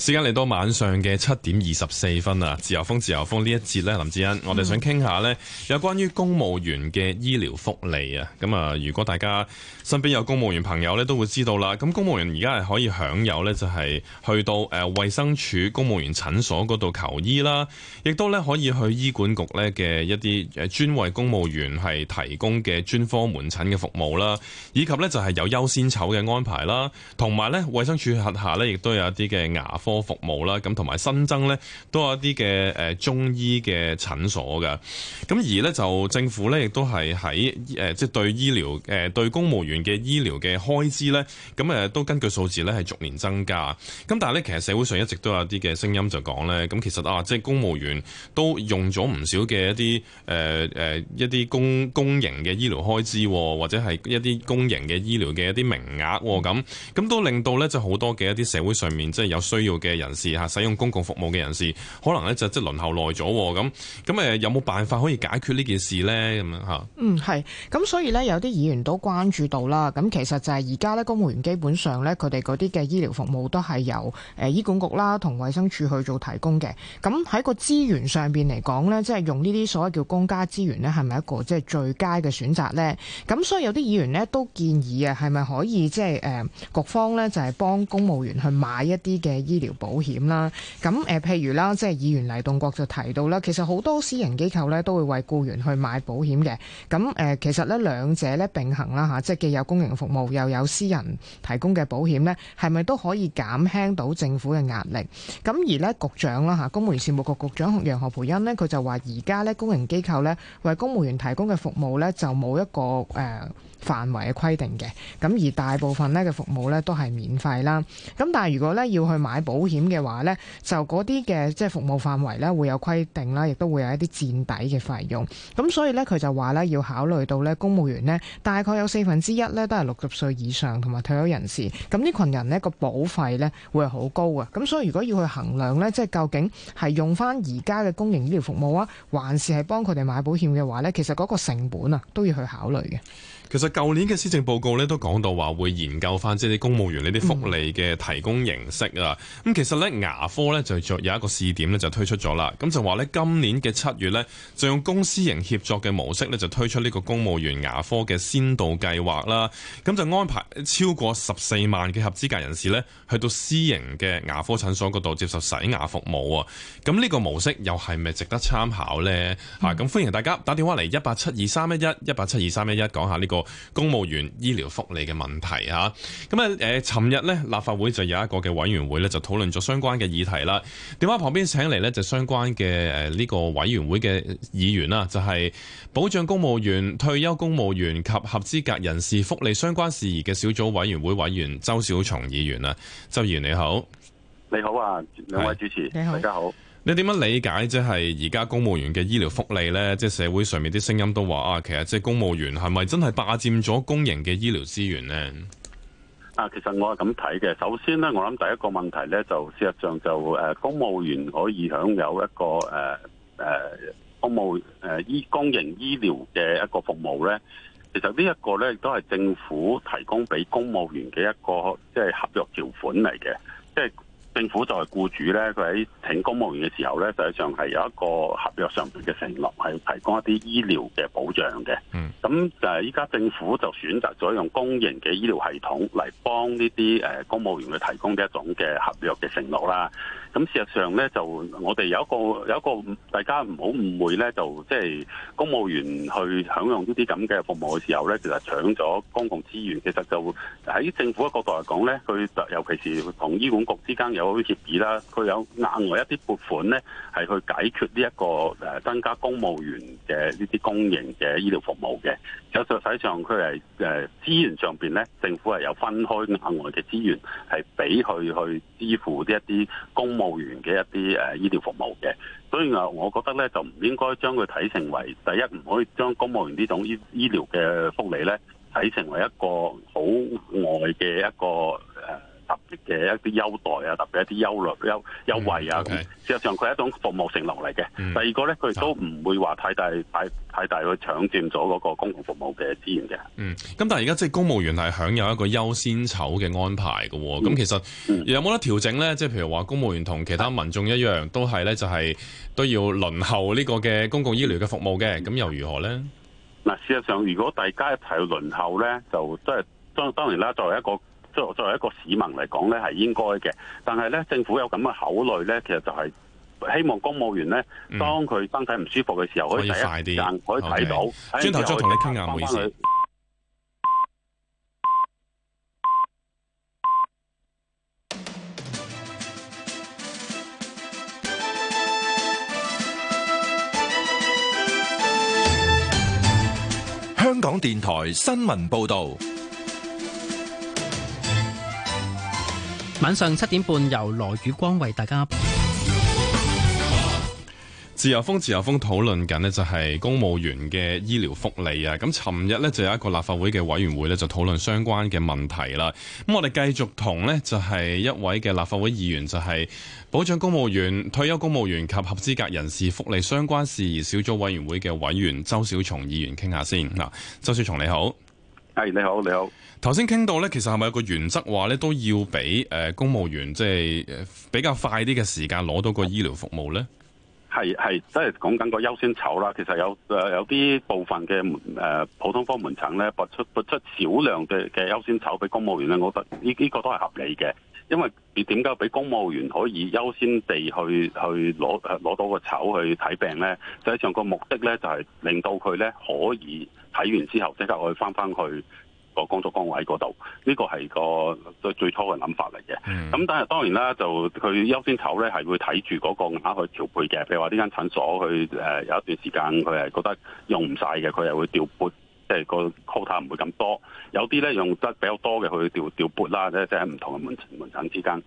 時間嚟到晚上嘅七點二十四分啊！自由風，自由風呢一節呢，林志欣，我哋想傾下呢有關於公務員嘅醫療福利啊！咁啊，如果大家身邊有公務員朋友呢，都會知道啦。咁公務員而家係可以享有呢，就係、是、去到誒、呃、衛生署公務員診所嗰度求醫啦，亦都呢可以去醫管局呢嘅一啲誒專為公務員係提供嘅專科門診嘅服務啦，以及呢就係、是、有優先籌嘅安排啦，同埋呢，衛生署轄下呢，亦都有一啲嘅牙科。多服務啦，咁同埋新增呢，都有一啲嘅誒中醫嘅診所㗎。咁而呢，就政府呢，亦都係喺誒，即係對醫療誒對公務員嘅醫療嘅開支呢，咁誒都根據數字呢，係逐年增加。咁但係呢，其實社會上一直都有啲嘅聲音就講呢，咁其實啊，即係公務員都用咗唔少嘅一啲誒誒一啲公公營嘅醫療開支，或者係一啲公營嘅醫療嘅一啲名額咁，咁都令到呢，就好多嘅一啲社會上面即係有需要嘅人士吓，使用公共服務嘅人士，可能咧就即係輪候耐咗咁咁誒有冇辦法可以解決呢件事咧？咁樣吓，嗯係咁，所以咧有啲議員都關注到啦。咁其實就係而家咧，公務員基本上咧，佢哋嗰啲嘅醫療服務都係由誒醫管局啦同衛生署去做提供嘅。咁喺個資源上邊嚟講咧，即係用呢啲所謂叫公家資源咧，係咪一個即係最佳嘅選擇咧？咁所以有啲議員咧都建議啊，係咪可以即係誒局方咧就係幫公務員去買一啲嘅醫療保險啦，咁誒、呃，譬如啦，即係議員黎棟國就提到啦，其實好多私人機構咧都會為僱員去買保險嘅，咁誒、呃，其實咧兩者咧並行啦嚇，即係既有公營服務又有私人提供嘅保險咧，係咪都可以減輕到政府嘅壓力？咁而呢，局長啦嚇，公務員事務局局，局長楊何蓓茵呢，佢就話而家咧公營機構咧為公務員提供嘅服務咧就冇一個誒。呃範圍嘅規定嘅咁，而大部分咧嘅服務咧都係免費啦。咁但係如果咧要去買保險嘅話咧，就嗰啲嘅即係服務範圍咧會有規定啦，亦都會有一啲墊底嘅費用。咁所以咧佢就話咧要考慮到咧公務員呢大概有四分之一咧都係六十歲以上同埋退休人士，咁呢群人呢個保費咧會係好高㗎。咁所以如果要去衡量咧，即係究竟係用翻而家嘅公營醫療服務啊，還是係幫佢哋買保險嘅話咧，其實嗰個成本啊都要去考慮嘅。其實舊年嘅施政報告咧都講到話會研究翻即係公務員呢啲福利嘅提供形式啊，咁其實呢牙科呢就作有一個試點呢就推出咗啦，咁就話呢今年嘅七月呢就用公私營協作嘅模式呢就推出呢個公務員牙科嘅先導計劃啦，咁就安排超過十四萬嘅合資格人士呢去到私營嘅牙科診所嗰度接受洗牙服務啊。咁呢個模式又係咪值得參考呢？咁、嗯啊、歡迎大家打電話嚟一八七二三一一一八七二三一一講下呢、呢個公務員醫療福利嘅問題啊，咁啊誒，尋日咧立法會就有一個嘅委員會咧，就討論咗相關嘅議題啦。電話旁邊請嚟，咧就相關嘅誒呢個委員會嘅議員啦，就係、是、保障公務員退休公務員及合資格人士福利相關事宜嘅小組委員會委員周小松議員啦。周議員你好，你好啊，兩位主持，是，你好，大家好。你點樣理解即係而家公務員嘅醫療福利呢？即係社會上面啲聲音都話啊，其實即係公務員係咪真係霸佔咗公營嘅醫療資源呢？啊，其實我係咁睇嘅。首先呢，我諗第一個問題呢，就事實上就誒、呃，公務員可以享有一個誒誒、呃，公務誒醫、呃、公營醫療嘅一個服務呢。其實呢一個咧，都係政府提供俾公務員嘅一個即係合約條款嚟嘅，即係。政府作為僱主咧，佢喺請公務員嘅時候咧，實際上係有一個合約上面嘅承諾，係提供一啲醫療嘅保障嘅。咁誒、嗯，依家政府就選擇咗用公營嘅醫療系統嚟幫呢啲誒公務員去提供呢一種嘅合約嘅承諾啦。咁事實上咧，就我哋有一個有一個大家唔好誤會咧，就即係、就是、公務員去享用呢啲咁嘅服務嘅時候咧，其實搶咗公共資源，其實就喺政府嘅角度嚟講咧，佢尤其是同醫管局之間有。好協議啦，佢有額外一啲撥款咧，係去解決呢一個誒增加公務員嘅呢啲公營嘅醫療服務嘅。有實際上佢係誒資源上邊咧，政府係有分開額外嘅資源，係俾佢去支付呢一啲公務員嘅一啲誒醫療服務嘅。所以啊，我覺得咧就唔應該將佢睇成為第一，唔可以將公務員呢種醫醫療嘅福利咧睇成為一個好外嘅一個誒。特別嘅一啲優待啊，特別一啲優劣優優惠啊，惠嗯 okay、事實上佢係一種服務承諾嚟嘅。嗯、第二個咧，佢亦都唔會話太大太、嗯、太大去搶佔咗嗰個公共服務嘅資源嘅。嗯，咁但係而家即係公務員係享有一個優先籌嘅安排嘅。咁、嗯、其實有冇得調整咧？即係、嗯、譬如話公務員同其他民眾一樣，嗯、都係咧就係都要輪候呢個嘅公共醫療嘅服務嘅。咁、嗯、又如何咧？嗱，事實上如果大家一齊去輪候咧，就即係當當然啦，作為一個。作作為一個市民嚟講咧，係應該嘅。但係咧，政府有咁嘅考慮咧，其實就係希望公務員咧，嗯，當佢身體唔舒服嘅時候，可以快啲，可以睇到。轉頭再同你傾下回事。慢慢香港電台新聞報導。晚上七點半，由羅宇光為大家。自由風，自由風討論緊呢就係、是、公務員嘅醫療福利啊！咁，尋日呢，就有一個立法會嘅委員會呢，就討論相關嘅問題啦。咁我哋繼續同呢就係一位嘅立法會議員，就係、是、保障公務員退休公務員及合資格人士福利相關事宜小組委員會嘅委員周小松議員傾下先。嗱，周小松，你好，係，你好，你好。頭先傾到咧，其實係咪有個原則話咧都要俾誒、呃、公務員即係、呃、比較快啲嘅時間攞到個醫療服務咧？係係即係講緊個優先籌啦。其實有誒有啲部分嘅誒、呃、普通科門診咧撥出撥出少量嘅嘅優先籌俾公務員咧，我覺得呢呢、呢個都係合理嘅。因為點解俾公務員可以優先地去去攞攞到個籌去睇病咧？實際上個目的咧就係、係、令到佢咧可以睇完之後即刻去翻翻去。個工作崗位嗰度，呢個係個最最初嘅諗法嚟嘅。咁但係當然啦，就佢優先籌咧，係會睇住嗰個額去調配嘅。譬如話呢間診所，佢誒有一段時間佢係覺得用唔晒嘅，佢係會調撥，即係個 quota 唔會咁多。有啲咧用得比較多嘅，佢調調撥啦，即係喺唔同嘅門診之間。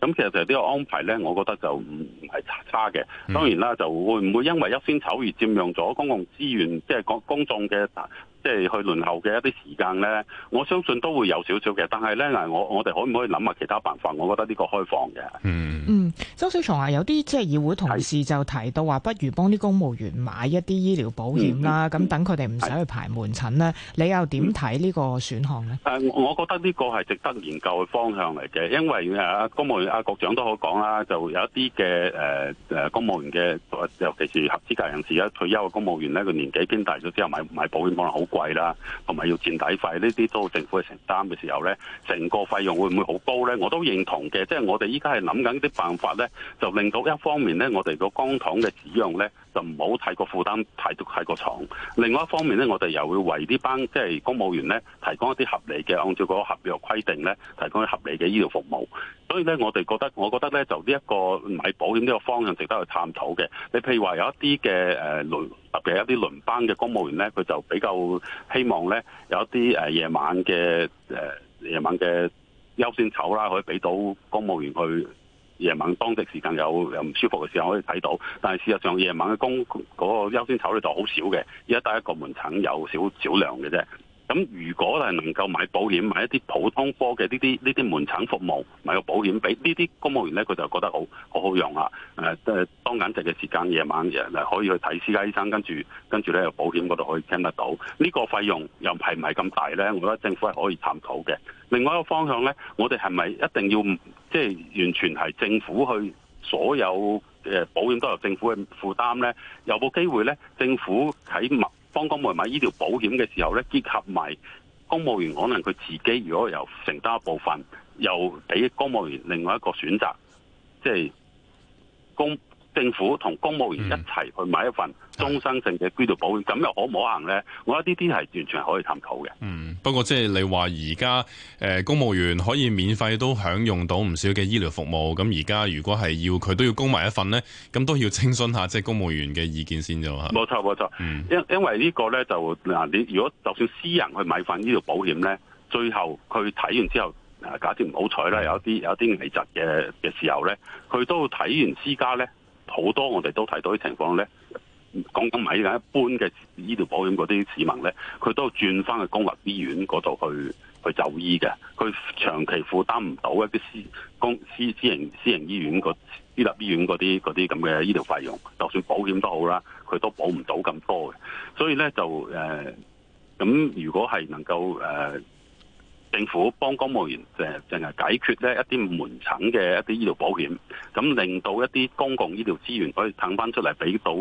咁其實就呢個安排咧，我覺得就唔係差嘅。當然啦，就會唔會因為優先籌而佔用咗公共資源，即係公公眾嘅。即係去輪候嘅一啲時間呢，我相信都會有少少嘅。但係呢，嗱，我我哋可唔可以諗下其他辦法？我覺得呢個開放嘅。嗯嗯，周小松啊，有啲即係議會同事就提到話，不如幫啲公務員買一啲醫療保險啦。咁等佢哋唔使去排門診呢，嗯、你又點睇呢個選項呢？嗯、我覺得呢個係值得研究嘅方向嚟嘅，因為公務員阿局長都好講啦，就有一啲嘅誒誒公務員嘅，尤其是合資格人士退休嘅公務員呢，佢年紀偏大咗之後買買保險可能好貴啦，同埋要墊底費，呢啲都政府去承擔嘅時候咧，成個費用會唔會好高咧？我都認同嘅，即係我哋依家係諗緊啲辦法咧，就令到一方面咧，我哋個公帑嘅使用咧。就唔好太過負擔、太過重。另外一方面咧，我哋又會為呢班即係、就是、公務員咧提供一啲合理嘅，按照個合約規定咧提供一啲合理嘅醫療服務。所以咧，我哋覺得，我覺得咧，就呢、這、一個買保險呢個方向值得去探討嘅。你譬如話有一啲嘅誒輪，特別係一啲輪班嘅公務員咧，佢就比較希望咧有一啲夜晚嘅呃夜晚嘅優先籌啦，可以俾到公務員去。夜晚當值時間有有唔舒服嘅時候可以睇到，但係事實上夜晚嘅工，嗰個優先籌咧就好少嘅，而家得一個門診有少少量嘅啫。咁如果係能夠買保險買一啲普通科嘅呢啲呢啲門診服務買個保險，俾呢啲公務員咧，佢就覺得好好好用嚇、啊。誒、呃，當緊值嘅時間夜晚嘅，可以去睇私家醫生，跟住跟住咧，保險嗰度可以聽得到。呢、這個費用又係唔係咁大咧？我覺得政府係可以探討嘅。另外一個方向咧，我哋係咪一定要即係、就是、完全係政府去所有誒保險都由政府去負擔咧？有冇機會咧？政府喺物？當公務員買醫療保險嘅時候咧，結合埋公務員，可能佢自己如果又承擔一部分，又俾公務員另外一個選擇，即係公。政府同公務員一齊去買一份終身性嘅醫療保險，咁又可唔可行呢？我覺得呢啲係完全可以探討嘅。嗯，不過即係你話而家誒公務員可以免費都享用到唔少嘅醫療服務，咁而家如果係要佢都要供埋一份呢，咁都要諮詢一下即係公務員嘅意見先啫嘛。冇錯，冇錯。嗯，因因為呢個呢，就嗱，你如果就算私人去買份醫療保險呢，最後佢睇完之後，誒假設唔好彩啦，有啲有啲危疾嘅嘅時候呢，佢都睇完私家呢。好多我哋都睇到啲情況咧，講緊咪緊一般嘅醫療保險嗰啲市民咧，佢都有轉翻去公立醫院嗰度去去就醫嘅，佢長期負擔唔到一啲私公私私營私人醫院嗰私立醫院嗰啲嗰啲咁嘅醫療費用，就算保險都好啦，佢都保唔到咁多嘅，所以咧就誒咁，呃、如果係能夠誒。呃政府幫公務員誒淨係解決咧一啲門診嘅一啲醫療保險，咁令到一啲公共醫療資源可以騰翻出嚟，俾到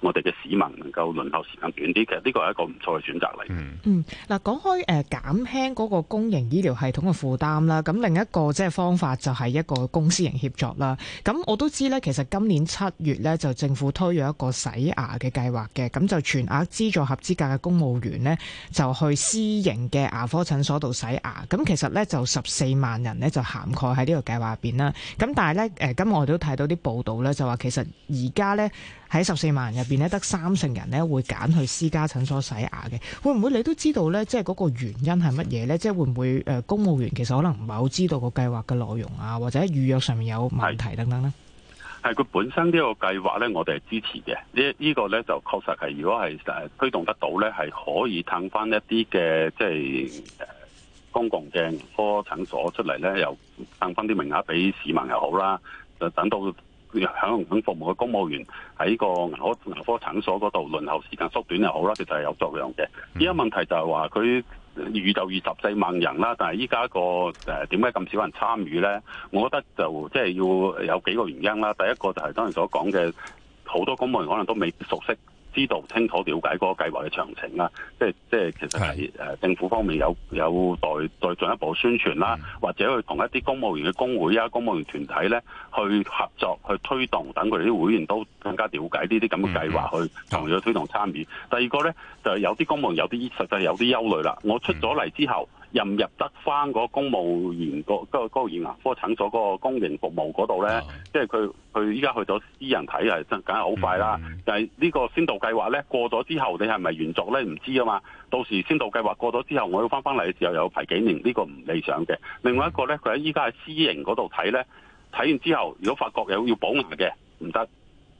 我哋嘅市民能夠輪候時間短啲，其實呢個係一個唔錯嘅選擇嚟。嗯，嗱、嗯、講開誒減輕嗰個公營醫療系統嘅負擔啦，咁另一個即係方法就係一個公私營協作啦。咁我都知咧，其實今年七月咧就政府推咗一個洗牙嘅計劃嘅，咁就全額資助合資格嘅公務員咧就去私營嘅牙科診所度洗牙。咁其實咧就十四萬人咧就涵蓋喺呢個計劃入邊啦。咁但係咧，誒，今日我都睇到啲報道咧，就話其實而家咧喺十四萬人入邊咧，得三成人咧會揀去私家診所洗牙嘅。會唔會你都知道咧，即係嗰個原因係乜嘢咧？即係會唔會誒，公務員其實可能唔係好知道個計劃嘅內容啊，或者預約上面有問題等等呢？係佢本身這個計劃，呢個計劃咧，我哋係支持嘅。這這個、呢呢個咧就確實係，如果係誒推動得到咧，係可以騰返一啲嘅，即、就、係、是。公共嘅眼科診所出嚟咧，又派翻啲名額俾市民又好啦。就等到響響服務嘅公務員喺個眼科眼科診所嗰度輪候時間縮短又好啦，其實係有作用嘅。依家，嗯、問題就係話佢越就二十四萬人啦，但係依家個誒點解咁少人參與咧？我覺得就即係，就是，要有幾個原因啦。第一個就係當日所講嘅，好多公務員可能都未熟悉。知道清楚了解嗰個計劃嘅詳情啦，即係即係其實係誒政府方面有有待再進一步宣傳啦，或者去同一啲公務員嘅工會啊、公務員團體咧去合作去推動等佢哋啲會員都。更加了解呢啲咁嘅計劃去同佢推動參與。第二個呢，就係、有啲公務員有啲實際有啲憂慮啦。我出咗嚟之後入唔入得翻個公務員、嗰個高、嗰個牙科診所個公營服務嗰度呢？即係佢佢依家去咗私人睇係真梗係好快啦。但係呢個先導計劃呢，過咗之後，你係咪延續呢？唔知啊嘛。到時先導計劃過咗之後，我要翻翻嚟嘅時候有要排幾年呢，呢個唔理想嘅。另外一個呢，佢喺依家喺私營嗰度睇呢，睇完之後如果發覺有要補牙嘅唔得。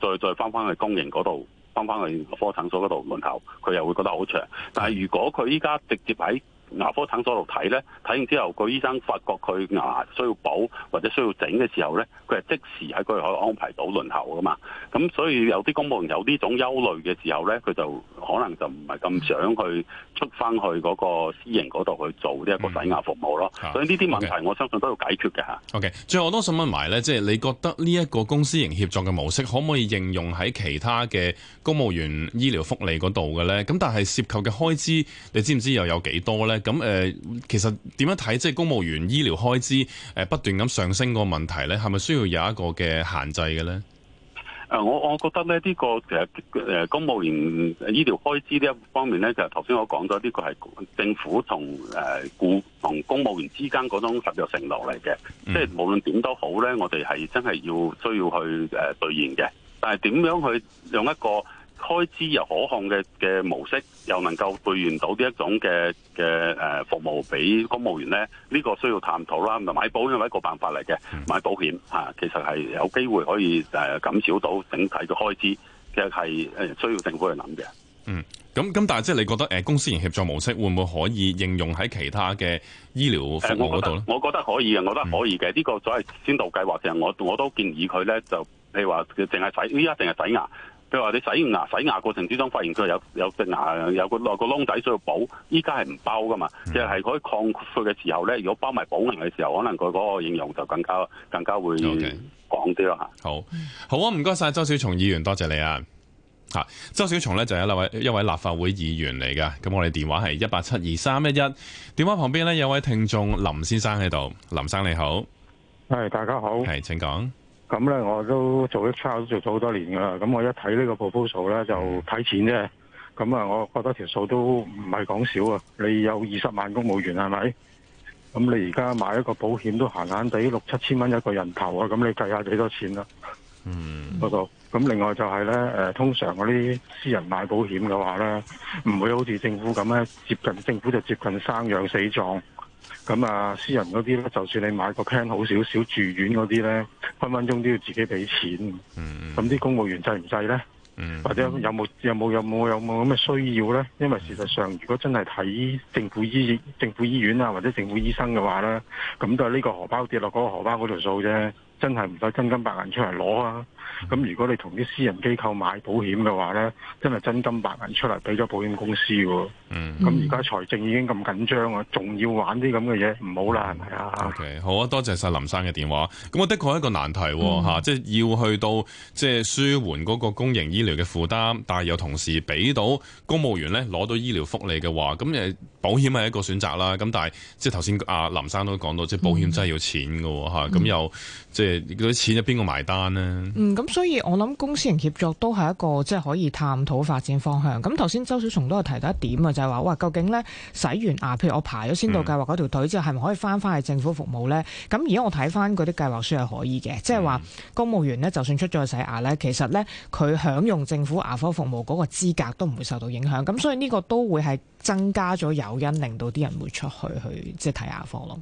再再翻翻去公營嗰度，翻翻去科診所嗰度門口，佢又會覺得好長。但係如果佢依家直接喺牙科診所度睇呢，睇完之後個醫生發覺佢牙，牙需要補或者需要整嘅時候呢，佢係即時喺嗰度可以安排到輪候噶嘛。咁所以有啲公務員有呢種憂慮嘅時候呢，佢就可能就唔係咁想去出翻去嗰個私營嗰度去做呢一個洗牙服務咯。嗯、所以呢啲問題我相信都要解決嘅嚇。OK，最後我都想問埋呢，即、就、係、是、你覺得呢一個公私營協作嘅模式可唔可以應用喺其他嘅公務員醫療福利嗰度嘅呢？咁但係涉及嘅開支，你知唔知道又有幾多呢？咁誒，其實點樣睇即係公務員醫療開支誒，不斷咁上升個問題咧，係咪需要有一個嘅限制嘅咧？誒，我我覺得咧，呢個其實誒，公務員醫療開支呢一方面咧，就頭先我講咗，呢個係政府同誒雇同公務員之間嗰種合約承諾嚟嘅，即係無論點都好咧，我哋係真係要需要去誒兌現嘅。但係點樣去用一個？開支又可控嘅嘅模式，又能夠兌現到呢一種嘅嘅誒服務俾公務員咧，呢、這個需要探討啦。咁啊，買保險係一個辦法嚟嘅，嗯、買保險嚇、啊，其實係有機會可以誒減少到整體嘅開支。其實係誒需要政府去諗嘅。嗯，咁咁，但係即係你覺得誒公私營協作模式會唔會可以應用喺其他嘅醫療服務嗰度咧？我覺得可以嘅，我覺得可以嘅。呢、嗯、個所謂先導計劃上，我我都建議佢咧，就譬如話淨係洗，依家淨係洗牙。譬如話你洗牙，洗牙過程之中發現佢有有隻牙有個個窿底需要補，依家係唔包噶嘛？就係佢擴闊嘅時候咧，如果包埋補完嘅時候，可能佢嗰個應用就更加更加會廣啲咯嚇。好，好啊！唔該晒。周小松議員，多謝，謝你啊！周小松咧就係、是、一位一位立法會議員嚟噶。咁我哋電話係一八七二三一一，電話旁邊呢，有位聽眾林先生喺度。林先生你好，hey, 大家好，係請講。咁咧，我都做 excel 都做咗好多年噶啦。咁我一睇呢個 proposal 咧，就睇錢啫。咁啊，我覺得條數都唔係講少啊。你有二十萬公務員係咪？咁你而家買一個保險都閒閒地六七千蚊一個人頭啊。咁你計下幾多錢啊？嗯，嗰咁另外就係咧，誒，通常嗰啲私人買保險嘅話咧，唔會好似政府咁咧，接近政府就接近生養死葬。咁啊，私人嗰啲咧，就算你買個 plan 好少少住院嗰啲咧，分分鐘都要自己俾錢。咁啲、mm hmm. 公務員制唔制咧？Mm hmm. 或者有冇有冇有冇有冇咁嘅需要咧？因為事實上，如果真係睇政府醫政府醫院啊，或者政府醫生嘅話咧，咁都係呢個荷包跌落嗰個荷包嗰條數啫。真係唔使真金白銀出嚟攞啊！咁如果你同啲私人機構買保險嘅話呢，真係真金白銀出嚟俾咗保險公司喎。嗯。咁而家財政已經咁緊張啊，仲要玩啲咁嘅嘢，唔、okay, 好啦，係咪啊？O K，好啊，多謝晒林生嘅電話。咁我的確係一個難題喎。即係、嗯、要去到即係舒緩嗰個公營醫療嘅負擔，但係又同時俾到公務員呢攞到醫療福利嘅話，咁誒。保險係一個選擇啦，咁但係即係頭先阿林生都講到，即係保險真係要錢㗎吓，咁又即係嗰啲錢係邊個埋單呢？嗯，咁所以我諗公私營協作都係一個即係可以探討發展方向。咁頭先周小松都有提到一點啊，就係話哇，究竟咧洗完牙，譬如我排咗先導計劃嗰條隊之後，係咪、嗯、可以翻翻去政府服務咧？咁而家我睇翻嗰啲計劃書係可以嘅，即係話公務員咧，就算出咗去洗牙咧，其實咧佢享用政府牙科服務嗰個資格都唔會受到影響。咁所以呢個都會係。增加咗誘因，令到啲人會出去去即係睇牙科囉。